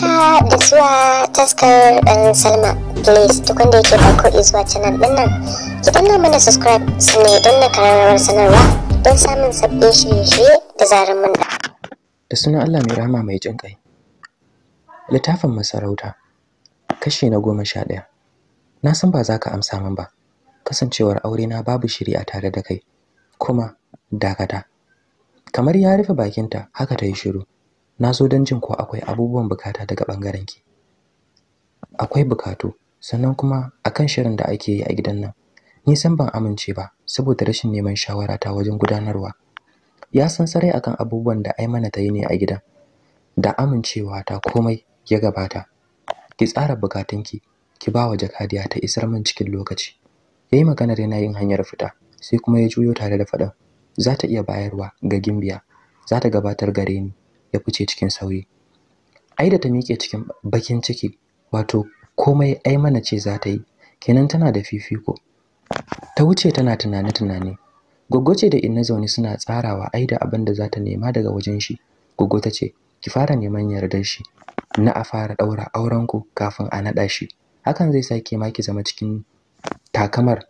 haka ah, da zuwa taskar ɗan um, salma please duk wanda yake farko izuwa canal ɗin nan ki danna mana subscribe sannan don na kararrawar sanarwa don samun sabbin shirye-shirye da zarar mun da da sunan allah mai rahama mai jin kai littafin masarauta kashi na goma sha ɗaya na san ba za ka amsa min ba kasancewar aure na babu shiri a tare da kai kuma dakata kamar ya rufe bakinta haka ta yi shiru na zo don jin ko akwai abubuwan bukata daga ɓangaren ki akwai bukatu sannan kuma akan shirin da ake yi a gidan nan ni san ban amince ba saboda rashin neman shawara ta wajen gudanarwa ya san sarai akan abubuwan da ai mana ta yi ne a gidan da amincewa ta komai ya gabata ki tsara bukatun ki ba wa jakadiya ta isar min cikin lokaci yayi maganar yana yin hanyar fita sai kuma ya juyo tare da faɗin za ta iya bayarwa ga gimbiya za ta gabatar gare ni ya fice cikin sauri ai da ta miƙe cikin bakin ciki wato komai ai mana ce za ta yi kenan tana da fifiko ta wuce tana tunani-tunani. Goggo da inna zaune suna tsarawa ai da abin da za ta nema daga wajen shi Goggo ta ce ki fara neman yardar shi na a fara ɗaura auren ku kafin a naɗa shi hakan zai sa ke ma ki zama cikin takamar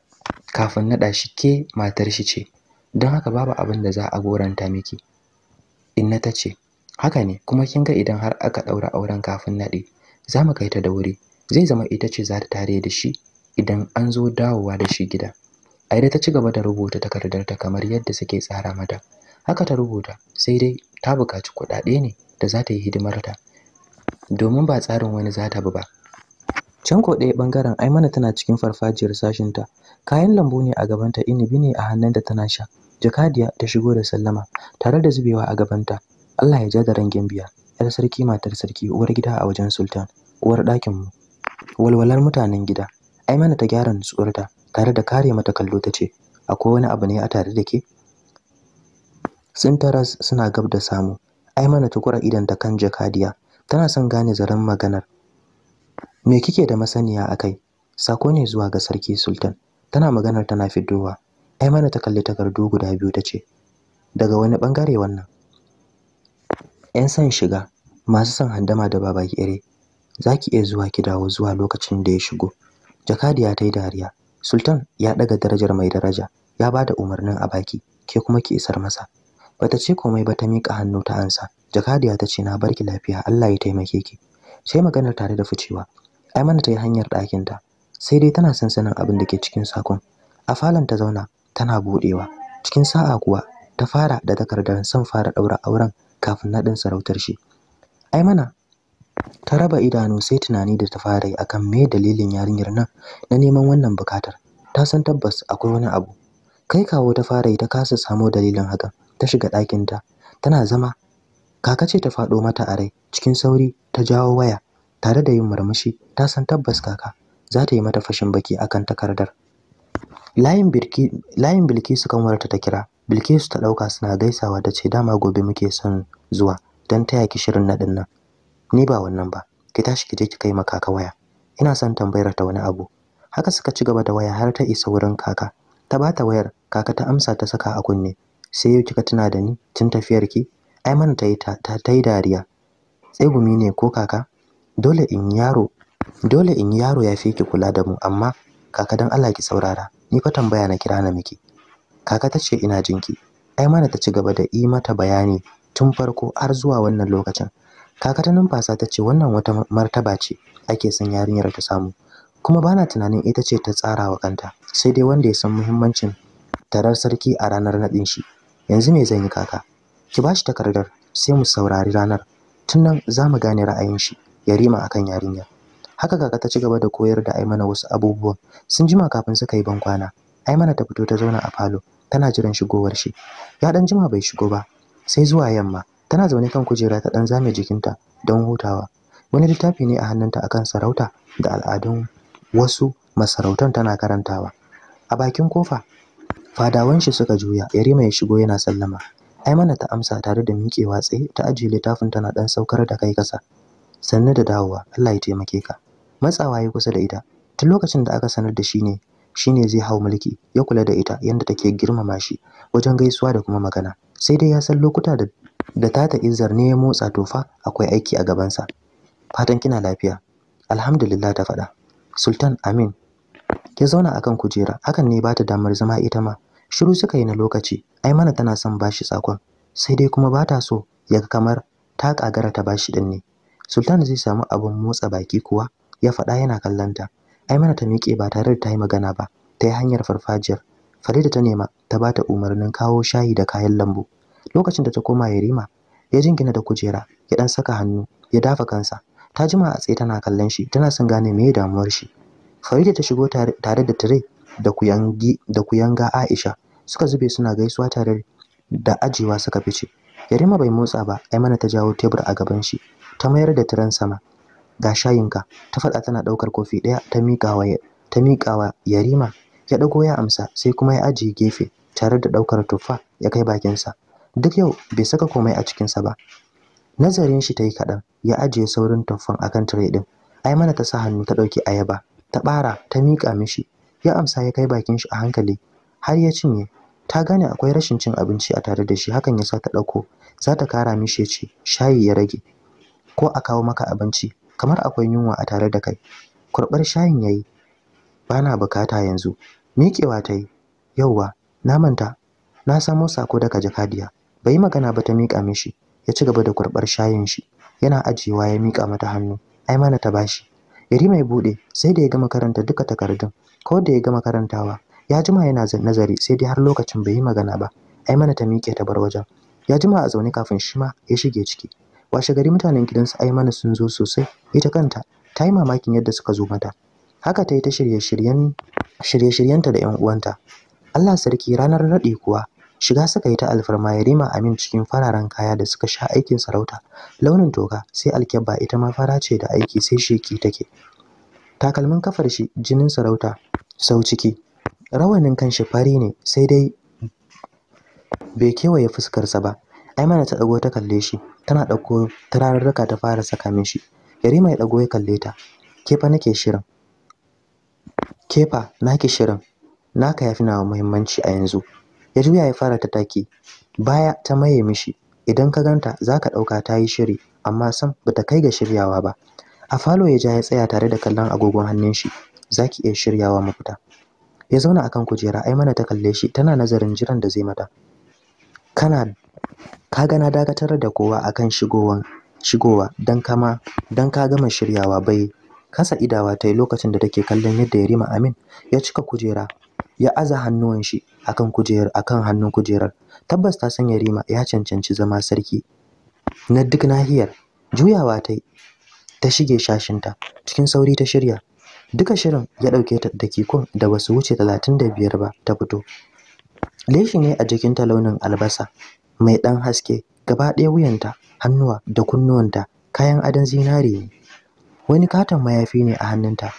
kafin naɗa shi ke matar shi ce don haka babu abin da za a goranta miki inna ta ce haka ne kuma kin ga idan har aka daura auren kafin nade za mu kai ta da wuri zai zama ita ce za ta tare da shi idan an zo dawowa da shi gida aida ta ci gaba da rubuta ta kamar yadda suke tsara mata haka ta rubuta sai dai ta buƙaci kuɗaɗe ne da za ta yi hidimarta domin ba tsarin wani za ta bi ba can ko ɗaya ɓangaren aimana tana cikin farfajiyar sashinta kayan lambu ne a gabanta inibi ne a hannun da tana sha jakadiya ta shigo da sallama tare da zubewa a gabanta Allah ya ja da rangin biya yar sarki matar sarki uwar gida a wajen sultan uwar ɗakin mu walwalar mutanen gida ai mana ta gyara nutsuwarta tare da kare mata kallo ta ce akwai wani abu ne a tare da ke sintaras suna gab da samu ai mana tukura idan ta kan jakadiya tana son gane zaren maganar me kike da masaniya a kai? sako ne zuwa ga sarki sultan tana maganar tana fidowa ai mana ta kalli takardu guda biyu ta ce daga wani bangare wannan 'yan san shiga masu son handama da baba za zaki iya zuwa ki dawo zuwa lokacin da ya shigo jakadiya ta yi dariya sultan ya daga darajar mai daraja ya ba da umarnin a baki ke kuma ki isar masa bata ce komai ba ta miƙa hannu ta ansa jakadiya ta ce na barki lafiya allah ya taimake ki sai maganar tare da ficewa ai mana ta yi hanyar ɗakinta sai dai tana sansanin abin da ke cikin sakon a falon ta zauna tana buɗewa cikin sa'a kuwa ta fara da takardar son fara ɗaura auren kafin na naɗin sarautar shi ai mana ta raba idanu sai tunani da ta fara yi akan me dalilin yarinyar nan na neman wannan bukatar ta san tabbas akwai wani abu kai kawo ta fara yi ta kasa samo dalilin hakan ta shiga ɗakinta tana zama kaka ce ta faɗo mata a rai cikin sauri ta jawo waya tare da yin murmushi ta san tabbas kaka za ta yi mata fashin baki akan takardar layin bilki bilkisu kanwarta ta kira Bilkisu ta ɗauka suna gaisawa ta ce dama gobe muke son zuwa don taya ki shirin naɗin nan. Ni ba wannan ba, ki tashi ki je ki kai ma kaka waya. Ina son tambayar ta wani abu. Haka suka ci gaba da waya har ta isa wurin kaka. Ta ba ta wayar, kaka ta amsa ta saka a kunne. Sai yau kika tuna da ni tun tafiyar ki? Ai mana ta yi ta, ta yi dariya. Tsegumi ne ko kaka? Dole in yaro, dole in yaro ya fi ki kula da mu amma kaka don Allah ki saurara. Ni fa tambaya na kira na miki. kaka ta ce ina jinki ai mana ta ci gaba da yi mata bayani tun farko har zuwa wannan lokacin kaka ta numfasa ta ce wannan wata martaba ce ake son yarinyar ta samu kuma bana tunanin ita ce ta tsara wa kanta sai dai wanda ya san muhimmancin tarar sarki a ranar naɗin shi yanzu me zan yi kaka ki bashi takardar sai mu saurari ranar tun nan za mu gane ra'ayin shi Yarima rima akan yarinya haka kaka ta ci gaba da koyar da aimana wasu abubuwan sun jima kafin suka yi bankwana aimana ta fito ta zauna a falo tana jiran shigowar shi ya dan jima bai shigo ba sai zuwa yamma tana zaune kan kujera ta dan zame jikinta don hutawa wani littafi ne a hannunta akan sarauta da al'adun wasu masarautan tana karantawa a bakin kofa fadawan shi suka juya yarima ya shigo yana sallama aimana ta amsa tare da miƙewa tsaye ta ajiye littafin tana dan saukar da kai kasa sannu da dawowa Allah ya taimake ka matsawa ya kusa da ita tun lokacin da aka sanar da shi ne shine zai hau mulki ya kula da ita yanda take girmama shi wajen gaisuwa da kuma magana sai dai ya san lokuta da da tata izzar ne ya motsa to akwai aiki a gabansa fatan kina lafiya alhamdulillah ta faɗa sultan amin ya zauna akan kujera hakan ne ba ta damar zama ita ma shiru suka yi na lokaci ai mana tana son bashi sakon sai dai kuma ba ta so ya kamar ta kagara ta bashi din ne sultan zai samu abin motsa baki kuwa ya faɗa yana kallanta Aimana ta miƙe ba tare da ta yi magana ba, ta yi hanyar farfajiyar. Farida ta nema ta ba ta umarnin kawo shayi da kayan lambu. Lokacin da ta koma Yarima, ya jingina da kujera, ya dan saka hannu, ya dafa kansa. Ta jima a tsaye tana kallon shi, tana son gane me damuwar shi. Farida ta shigo tare da tire da kuyangi da kuyanga Aisha. Suka zube suna gaisuwa tare da ajiwa suka fice. Yarima bai motsa ba, Aimana ta jawo tebur a gaban shi, ta mayar da tiren sama, ga shayinka ta faɗa tana ɗaukar kofi ɗaya ta miƙawa ta miƙawa yarima ya ɗago ya amsa sai kuma ya ajiye gefe tare da ɗaukar tuffa ya kai bakinsa duk yau bai saka komai a cikinsa ba nazarin shi ta yi kaɗan ya ajiye saurin tuffan akan tire ɗin ai mana ta sa hannu ta ɗauki ayaba ta ɓara ta miƙa mishi ya amsa ya kai bakin shi a hankali har ya cinye ta gane akwai rashin cin abinci a tare da shi hakan ya sa ta ɗauko za ta kara mishi ya ce shayi ya rage ko a kawo maka abinci kamar akwai yunwa a tare da kai kurɓar shayin yayi bana bukata yanzu miƙewa ta yi yauwa na manta na samo sako daga jakadiya bai magana ba ta miƙa mishi ya ci gaba da kurɓar shayin shi yana ajiyewa ya mika mata hannu ai mana ta bashi yari mai buɗe sai da ya gama karanta duka takardun ko da ya gama karantawa ya jima yana nazari sai dai har lokacin bai yi magana ba ai mana ta miƙe ta bar wajen ya jima a zaune kafin shi ma ya shige ciki washe gari mutanen gidan su mana sun zo sosai ita kanta ta yi mamakin yadda suka zo mata haka ta yi ta shirye-shiryen shirye-shiryenta da 'yan uwanta Allah sarki ranar raɗi kuwa shiga suka yi ta alfarma Yarima Amin cikin fararen kaya da suka sha aikin sarauta launin toka sai alkyabba ita ma fara ce da aiki sai sheki take takalmin kafar shi jinin sarauta sau ciki rawanin kanshi fari ne sai dai bai kewaye fuskarsa ba Aimana ta ɗago ta kalle shi, tana ɗauko turarurruka ta fara saka mishi. Yarima ya ɗago ya kalle ta. Ke fa nake shirin. Ke fa shirin. Naka yafi nawa muhimmanci a yanzu. Ya juya ya fara take. Baya ta maye mishi. Idan ka ganta zaka ɗauka ta yi shiri, amma sam ta kai ga shiryawa ba. A falo ya ja ya tsaya tare da kallon agogon hannun shi. Zaki iya shiryawa mu fita. Ya zauna akan kujera, Aimana ta kalle shi tana nazarin jiran da zai mata. Kana kaga na dakatar da kowa akan shigowa shigowa don kama don ka gama shiryawa bai kasa idawa ta yi lokacin da take kallon yadda ya rima amin ya cika kujera ya aza hannuwan shi akan kujerar akan hannun kujerar tabbas ta san yarima ya cancanci zama sarki na duk nahiyar juyawa ta ta shige shashinta cikin sauri ta shirya duka shirin ya ɗauke ta dakikun da basu wuce talatin da biyar ba ta fito leshi ne a jikinta launin albasa mai ɗan haske gaba ɗaya wuyanta hannuwa da kunnuwanta kayan adon zinare ne wani katon mayafi ne a hannunta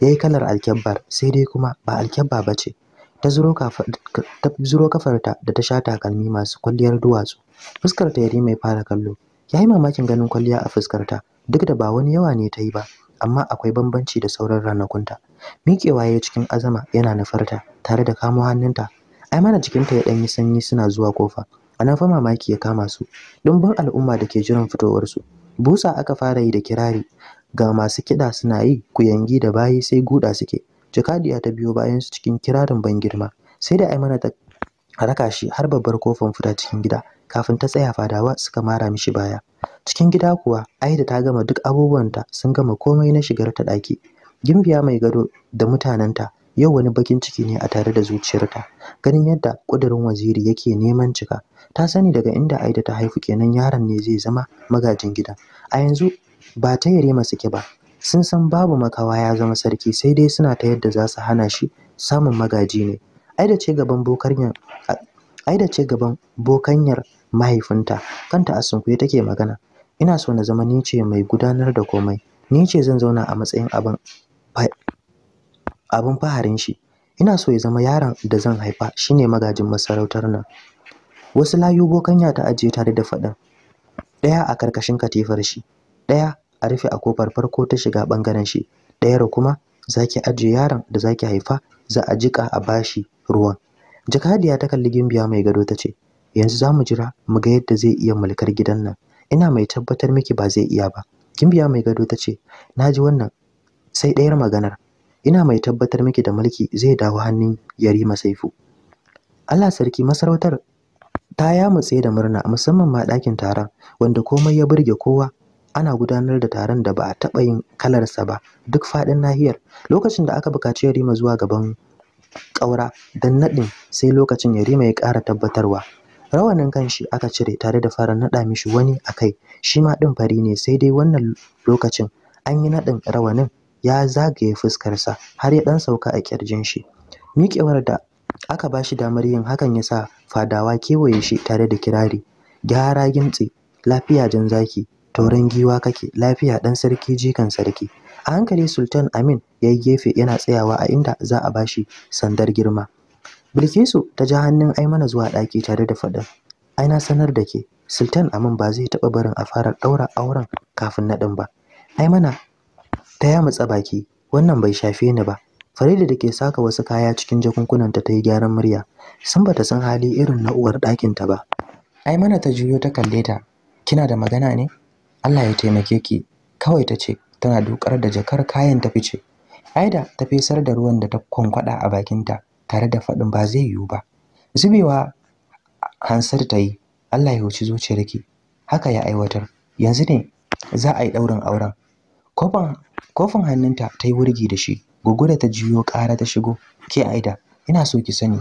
ya yi kalar alkyabbar sai dai kuma ba alkyabba ba ce ta zuro kafarta da ta sha takalmi masu kwalliyar duwatsu fuskarta ta yari mai fara kallo ya yi mamakin ganin kwalliya a fuskarta duk da ba wani yawa ne ta yi ba amma akwai bambanci da sauran ranakunta miƙewa ya cikin azama yana nufarta tare da kamo hannunta ai mana jikinta ya ɗanyi sanyi suna zuwa kofa ana fa mamaki ya kama su dumbin al'umma da ke jiran fitowarsu busa aka fara yi da kirari ga masu kiɗa suna yi kuyangi da bayi sai guda suke jakadiya ta biyo bayan su cikin kirarin ban girma sai da aimana ta raka shi har babbar kofar fita cikin gida kafin ta tsaya fadawa suka mara mishi baya cikin gida kuwa aida ta gama duk abubuwanta sun gama komai na shigar ta ɗaki gimbiya mai gado da mutanenta Yau wani bakin ciki ne a tare da zuciyarta, ganin yadda ƙudurin waziri yake neman cika. Ta sani daga inda Aida ta haifu kenan yaron ne zai zama magajin gida. A yanzu ba ta yare masu ba, sun san babu makawa ya zama sarki sai dai suna ta yadda za su hana shi samun magaji ne. Aida ce gaban bokanyar mahaifinta, kanta a sunkuye take magana. Ina so na zama nice mai gudanar da komai, ni ce zan zauna a matsayin abin abin faharin shi ina so ya zama yaron da zan haifa shine magajin masarautar nan wasu layu ya ta ajiye tare da faɗin ɗaya a karkashin katifar shi ɗaya a rufe a kofar farko ta shiga ɓangaren shi ɗayar kuma zaki ajiye yaron da zaki haifa za a jika a bashi ruwan jakadiya ta kalli gimbiya mai gado ta ce yanzu za mu jira mu ga yadda zai iya mulkar gidan nan ina mai tabbatar miki ba zai iya ba gimbiya mai gado ta ce na ji wannan sai ɗayar maganar ina mai tabbatar miki da mulki zai dawo hannun yarima saifu allah sarki masarautar ta yamutse da murna musamman ma ɗakin taron wanda komai ya burge kowa ana gudanar da taron da ba a taɓa yin kalarsa ba duk faɗin nahiyar lokacin da aka buƙaci yarima zuwa gaban ƙaura don naɗin sai lokacin yarima ya ƙara tabbatarwa rawanin kanshi aka cire tare da fara naɗa mishi wani a kai shi ma ɗin fari ne sai dai wannan lokacin an yi naɗin rawanin ya zagaye fuskarsa har ya ɗan sauka a ƙirjin shi miƙewar da aka bashi damar yin hakan ya sa fadawa kewaye shi tare da kirari gyara gimtse lafiya jan zaki tauren giwa kake lafiya ɗan sarki jikan sarki a hankali sultan amin ya yi gefe yana tsayawa a inda za a bashi sandar girma bilkisu ta ja hannun aimana zuwa ɗaki tare da faɗin ai na sanar da ke sultan amin ba zai taɓa barin a fara ɗaura auren kafin naɗin ba aimana ta yamutsa baki wannan bai shafe ni ba Farida da ke saka wasu kaya cikin jakunkunanta ta yi gyaran murya sun bata san hali irin na uwar ɗakinta ba ai mana ta juyo ta kalle ta kina da magana ne Allah ya taimake ki kawai ta ce tana dukar da jakar kayan ta fice Aida ta fesar da ruwan da ta kwankwada a bakinta tare da faɗin ba zai yiwu ba zubewa hansar ta yi Allah ya huci zuciyarki haka ya aiwatar yanzu ne za a yi ɗaurin auren kofan kofin hannunta ta yi wurgi da shi gugu ta jiyo ƙara ta shigo ke aida ina so ki sani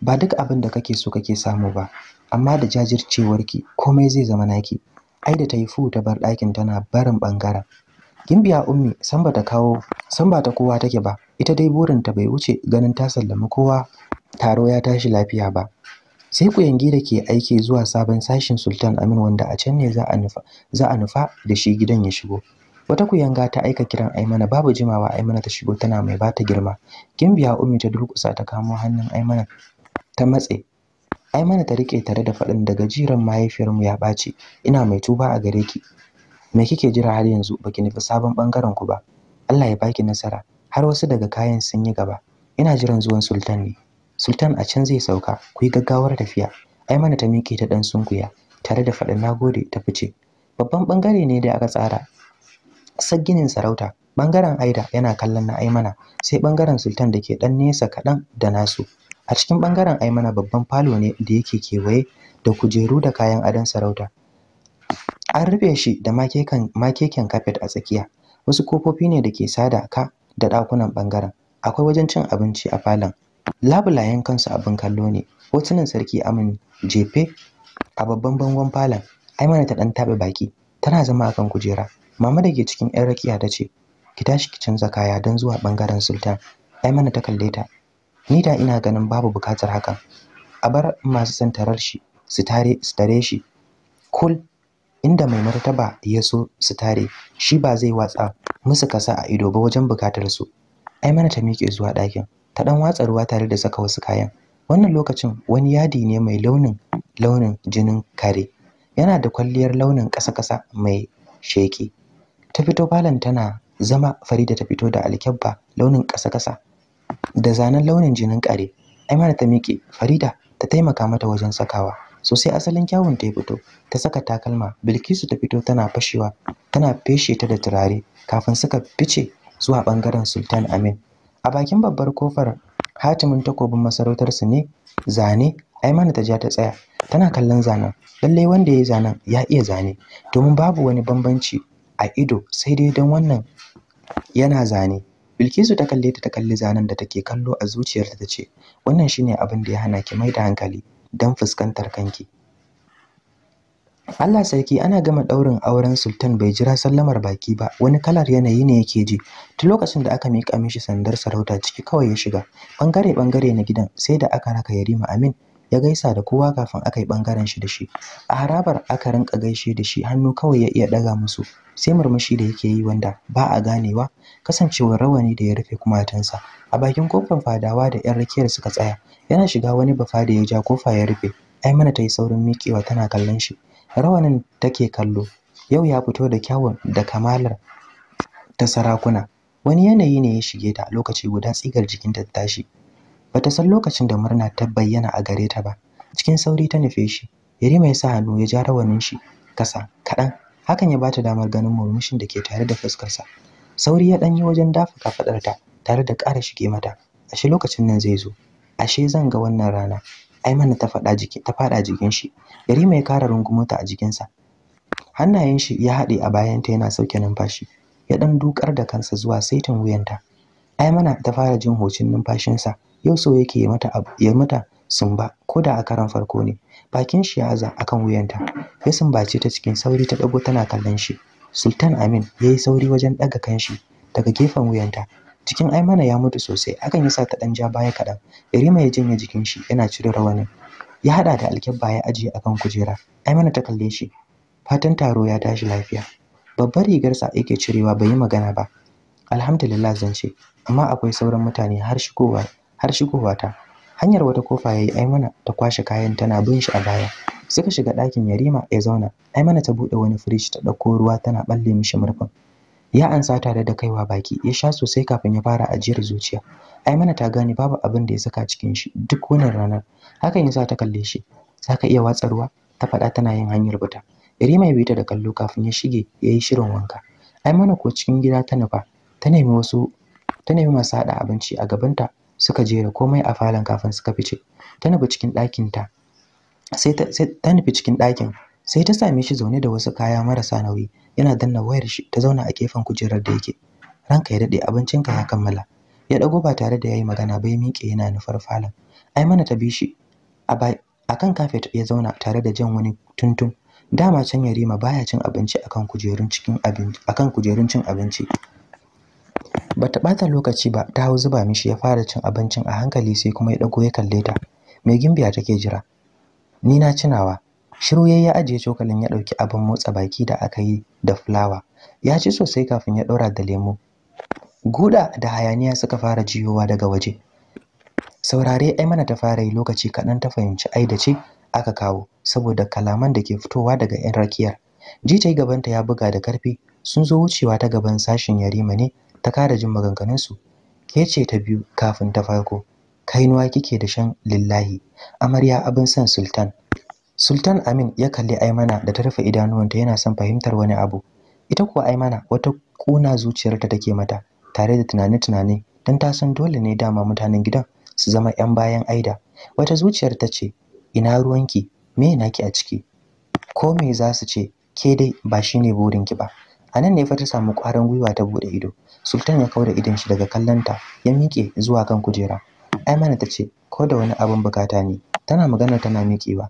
ba duk abin da kake so kake samu ba amma da jajircewarki komai zai zama naki aida ta yi fu ta bar ɗakin tana barin ɓangaren gimbiya ummi san ba ta kawo san ba ta kowa take ba ita dai burinta bai wuce ganin ta sallami kowa taro ya tashi lafiya ba sai ku yangi da ke aiki zuwa sabon sashin sultan amin wanda a can ne za a nufa da shi gidan ya shigo wata kuyanga ta aika kiran aimana babu jimawa aimana ta shigo tana mai bata girma Kimbiya ummi ta durkusa ta kamo hannun aimana ta matse aimana ta rike tare da faɗin daga jiran mahaifiyarmu ya ɓaci ina mai tuba a gare ki me kike jira har yanzu baki nufi sabon bangaren ku ba Allah ya baki nasara har wasu daga kayan sun yi gaba ina jiran zuwan sultan ne sultan a can zai sauka ku yi gaggawar tafiya aimana ta miƙe ta ɗan sunkuya tare da faɗin nagode ta fice babban bangare ne da aka tsara ƙasar ginin sarauta ɓangaren aida yana kallon na aimana sai ɓangaren sultan da ke ɗan nesa kaɗan da nasu a cikin bangaren aimana babban falo ne da yake kewaye da kujeru da kayan adon sarauta an rufe shi da makeken kafet a tsakiya wasu kofofi ne da ke sada ka da ɗakunan ɓangaren. akwai wajen cin abinci a falon labulayen kansu abin kallo ne hotunan sarki amin jefe a babban bangon falon aimana ta ɗan taɓa baki tana zama akan kujera mama da ke cikin yan rakiya ta ce ki tashi ki canza kaya don zuwa ɓangaren sultan ai mana ta kalle ta ni da ina ganin babu buƙatar hakan a bar masu son tarar shi su tare su tare shi kul inda mai martaba ya so su tare shi ba zai watsa musu kasa a ido ba wajen buƙatar su ai mana ta miƙe zuwa ɗakin ta ɗan watsa ruwa tare da saka wasu kayan wannan lokacin wani yadi ne mai launin launin jinin kare yana da kwalliyar launin ƙasa-ƙasa mai sheƙi ta fito falon tana zama farida ta fito da alkyabba launin ƙasa-ƙasa da zanen launin jinin ƙare. kare mana ta miƙe farida ta taimaka mata wajen sakawa sosai asalin kyawun ta fito ta saka takalma bilkisu ta fito tana fashewa tana feshe ta da turare kafin suka fice zuwa bangaren sultan amin a bakin babbar kofar hatimin takobin masarautar su ne zane aimana ta ja ta tsaya tana kallon zanen lallai wanda ya yi zanen ya iya zane domin babu wani bambanci a ido sai dai don wannan yana zane bilkisu ta kalle ta ta kalli zanen da take kallo a zuciyarta ta ce wannan shine abin da ya hana ki mai da hankali don fuskantar kanki Allah sarki ana gama daurin auren Sultan bai jira sallamar baki ba wani kalar yanayi ne yake ji tun lokacin da aka miƙa mishi sandar sarauta ciki kawai ya shiga bangare bangare na gidan sai da aka raka Yarima Amin ya gaisa da kowa kafin aka yi ɓangaren shi da shi a harabar aka rinka gaishe da shi hannu kawai ya iya daga musu sai murmushi da yake yi wanda ba a ganewa kasancewar rawani da ya rufe kumatansa, a bakin kofar fadawa da yan rakiyar suka tsaya yana shiga wani bafa da ya ja kofa ya rufe ai mana ta yi saurin miƙewa tana kallon shi rawanin take kallo yau ya fito da kyawun da kamalar ta sarakuna wani yanayi ne ya shige ta lokaci guda tsigar jikin ta tashi bata san lokacin da murna ta bayyana a gare ta ba cikin sauri ta nufe shi yarima ya sa hannu ya ja rawanin shi kasa kaɗan hakan ya bata damar ganin murmushin da ke tare da fuskarsa sauri ya ɗanyi wajen dafa kafaɗarta tare da ƙara shige mata ashe lokacin nan zai zo ashe zan ga wannan rana ai mana ta faɗa jiki ta faɗa jikin shi yarima ya kara rungumota a jikinsa hannayen shi ya haɗe a bayanta yana sauke numfashi ya ɗan dukar da kansa zuwa saitin wuyanta ai mana ta fara jin hocin numfashinsa yau so yake ya mata abu yi mata sumba ko da a karan farko ne bakin shi ya aza akan wuyanta ya sumbace ta cikin sauri ta dago tana kallon shi sultan amin ya yi sauri wajen daga shi daga gefen wuyanta cikin aimana ya mutu sosai akan yasa ta dan ja baya kaɗan irima ya jinya jikin shi yana cire rawanin ya haɗa da alkyabba ya ajiye akan kujera aimana ta kalle shi fatan taro ya tashi lafiya babbar rigarsa yake cirewa bai yi magana ba alhamdulillah zance amma akwai sauran mutane har shigowa har shigowata hanyar wata kofa yayi Aimana ta kwashe kayan tana bin shi a baya suka shiga ɗakin Yarima ya zauna Aimana ta buɗe wani firij ta ɗauko ruwa tana balle mishi murfin ya ansa tare da kaiwa baki ya sha sosai kafin ya fara ajiyar zuciya Aimana ta gane babu abin da ya saka cikin shi duk wannan ranar hakan yasa ta kalle shi saka iya watsa ruwa ta faɗa tana yin hanyar fita Yarima ya bi ta da kallo kafin ya shige yayi shirin wanka Aimana ko cikin gida ta nufa ta nemi wasu ta nemi masu haɗa abinci a gabanta suka jera komai a falon kafin suka fice ta nufi cikin ɗakin ta sai ta nufi cikin ɗakin sai ta same shi zaune da wasu kaya marasa nauyi yana danna wayar shi ta zauna a gefen kujerar da yake ranka ya daɗe abincinka ya kammala ya ɗago ba tare da ya yi magana ya miƙe yana nufar falon ai mana ta bi shi a kan kafet ya zauna tare da jan wani tuntun dama can yarima baya cin abinci akan kujerun cin abinci bata ɓata lokaci ba ta hau zuba mishi ya fara cin abincin a hankali sai kuma ya dago ya kalle ta mai gimbiya take jira ni na cinawa shiru yayi ya ajiye cokalin ya ɗauki abin motsa baki da aka yi da fulawa ya ci sosai kafin ya daura da lemu. guda da hayaniya suka fara jiyowa daga waje saurare ai mana ta fara yi lokaci kaɗan ta fahimci ai da ce aka kawo saboda kalaman da ke fitowa daga 'yan rakiyar jita gabanta ya buga da karfi sun zo wucewa ta gaban sashin yarima ne ta kada jin maganganunsu ke ce ta biyu kafin ta farko kainuwa kike da shan lillahi amarya abin san sultan sultan amin ya kalli aimana da ta rufe idanuwanta yana son fahimtar wani abu ita kuwa aimana wata kuna zuciyarta take mata tare da tunani-tunani don ta san dole ne dama mutanen gidan su zama 'yan bayan aida wata zuciyar ta ce ina ruwanki me naki a ciki ko me za su ce ke dai ba shine burinki ba a nan ne fa ta samu ƙwarin gwiwa ta buɗe ido Sultan ya kaure idon shi daga kallonta ya miƙe zuwa kan kujera. Aimana ta ce, ko da wani abin bukata ne, tana magana tana miƙewa.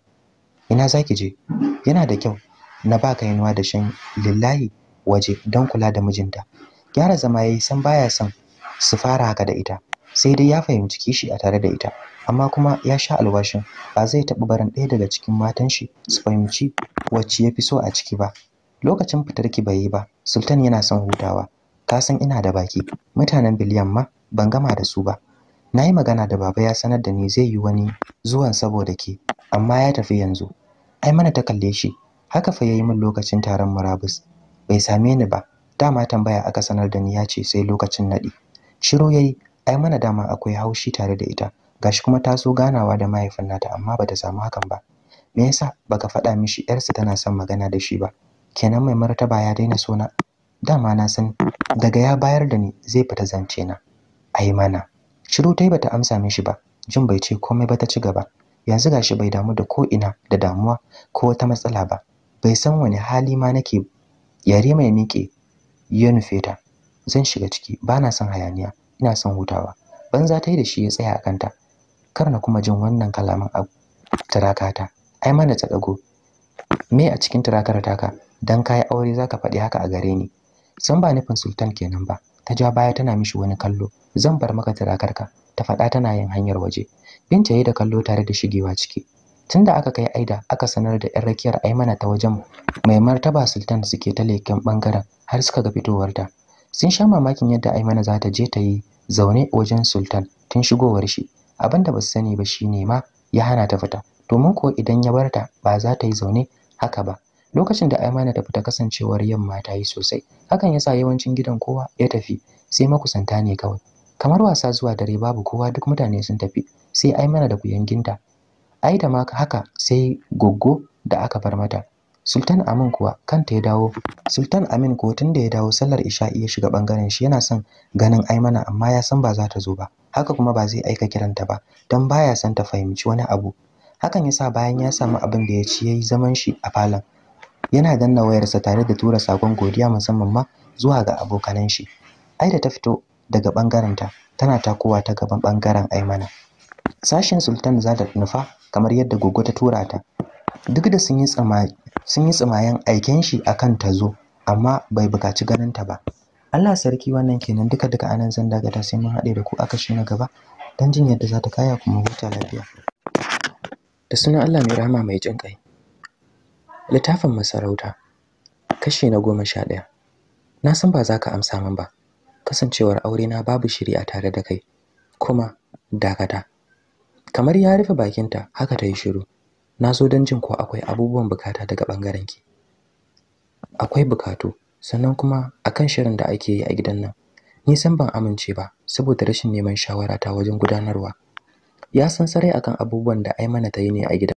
Ina za ki je? Yana da kyau na ba ka da shan lillahi waje don kula da mijinta. Gyara zama ya yi san baya son su fara haka da ita, sai dai ya fahimci kishi a tare da ita. Amma kuma ya sha alwashin ba zai taɓa barin ɗaya daga cikin matan shi su fahimci wacce ya fi so a ciki ba. Lokacin fitar ki bai yi ba, Sultan yana son hutawa. ka san ina da baki mutanen biliyan ma ban gama da su ba na yi magana da baba ya sanar da ni zai yi wani zuwan saboda ke amma ya tafi yanzu ai mana ta kalle shi haka fa ya yi min lokacin taron murabus bai same ni ba dama tambaya aka sanar da ni ya ce sai lokacin naɗi shiro ya ai mana dama akwai haushi tare da ita gashi kuma ta so ganawa da mahaifin nata amma bata samu hakan ba me yasa baka faɗa mishi yarsa tana son magana da shi ba kenan mai martaba ya daina sona dama na san daga ya bayar da ni zai fita zance na ai mana shiru tai bata amsa mishi ba jin bai ce komai ba ta ci gaba yanzu gashi bai damu da ko ina da damuwa ko wata matsala ba bai san wani hali ma nake yare mai miƙe ya nufe ta zan shiga ciki bana son hayaniya ina son hutawa banza ta yi da shi ya tsaya a kanta kar na kuma jin wannan kalaman a tarakata ai mana ta dago me a cikin tarakar taka dan kai aure zaka faɗi haka a gare ni san ba nufin sultan kenan ba ta ja baya tana mishi wani kallo zan bar maka tirakarka ta faɗa tana yin hanyar waje binta yi da kallo tare da shigewa ciki tunda aka kai aida aka sanar da yan rakiyar aimana ta wajen mai martaba sultan suke ta leken bangaren har suka ga fitowarta sun sha mamakin yadda aimana za ta je ta yi zaune wajen sultan tun shigowar shi abinda ba su sani ba shine ma ya hana ta fita domin ko idan ya barta ba za ta yi zaune haka ba lokacin da aimana ta fita kasancewar yamma ta yi sosai hakan yasa yawancin gidan kowa ya tafi sai makusanta ne kawai kamar wasa zuwa dare babu kowa duk mutane sun tafi sai aimana da kuyanginta ai da maka haka sai goggo da aka bar mata Sultan Amin kuwa kanta ya dawo Sultan Amin ko tunda ya dawo sallar isha ya shiga bangaren shi yana son ganin Aimana amma ya san ba za ta zo ba haka kuma ba zai aika kiranta ba dan baya son ta fahimci wani abu hakan yasa bayan ya samu abin da ya ci yayi zaman shi a falon yana danna wayarsa tare da tura sakon godiya musamman ma zuwa ga abokanan shi aida ta fito daga bangaren tana takowa ta gaban bangaren aimana sashin sultan za ta nufa kamar yadda gogo ta tura ta duk da sun yi sun yi tsamayen aiken shi akan ta zo amma bai bukaci ganin ta ba Allah sarki wannan kenan duka duka anan zan ta sai mun haɗe da ku aka shi na gaba dan jin yadda za ta kaya kuma huta lafiya da sunan Allah mai rahama mai jin kai littafin masarauta kashi na goma sha ɗaya na san ba za ka amsa min ba kasancewar aure na babu shiri a tare da kai kuma dakata kamar ya rufe bakinta haka ta yi shiru na zo don jin ko akwai abubuwan bukata daga ɓangarenki akwai bukatu sannan kuma akan shirin da ake yi a gidan nan ni san ban amince ba saboda rashin neman shawara ta wajen gudanarwa ya san sarai akan abubuwan da aimana ta yi ne a gidan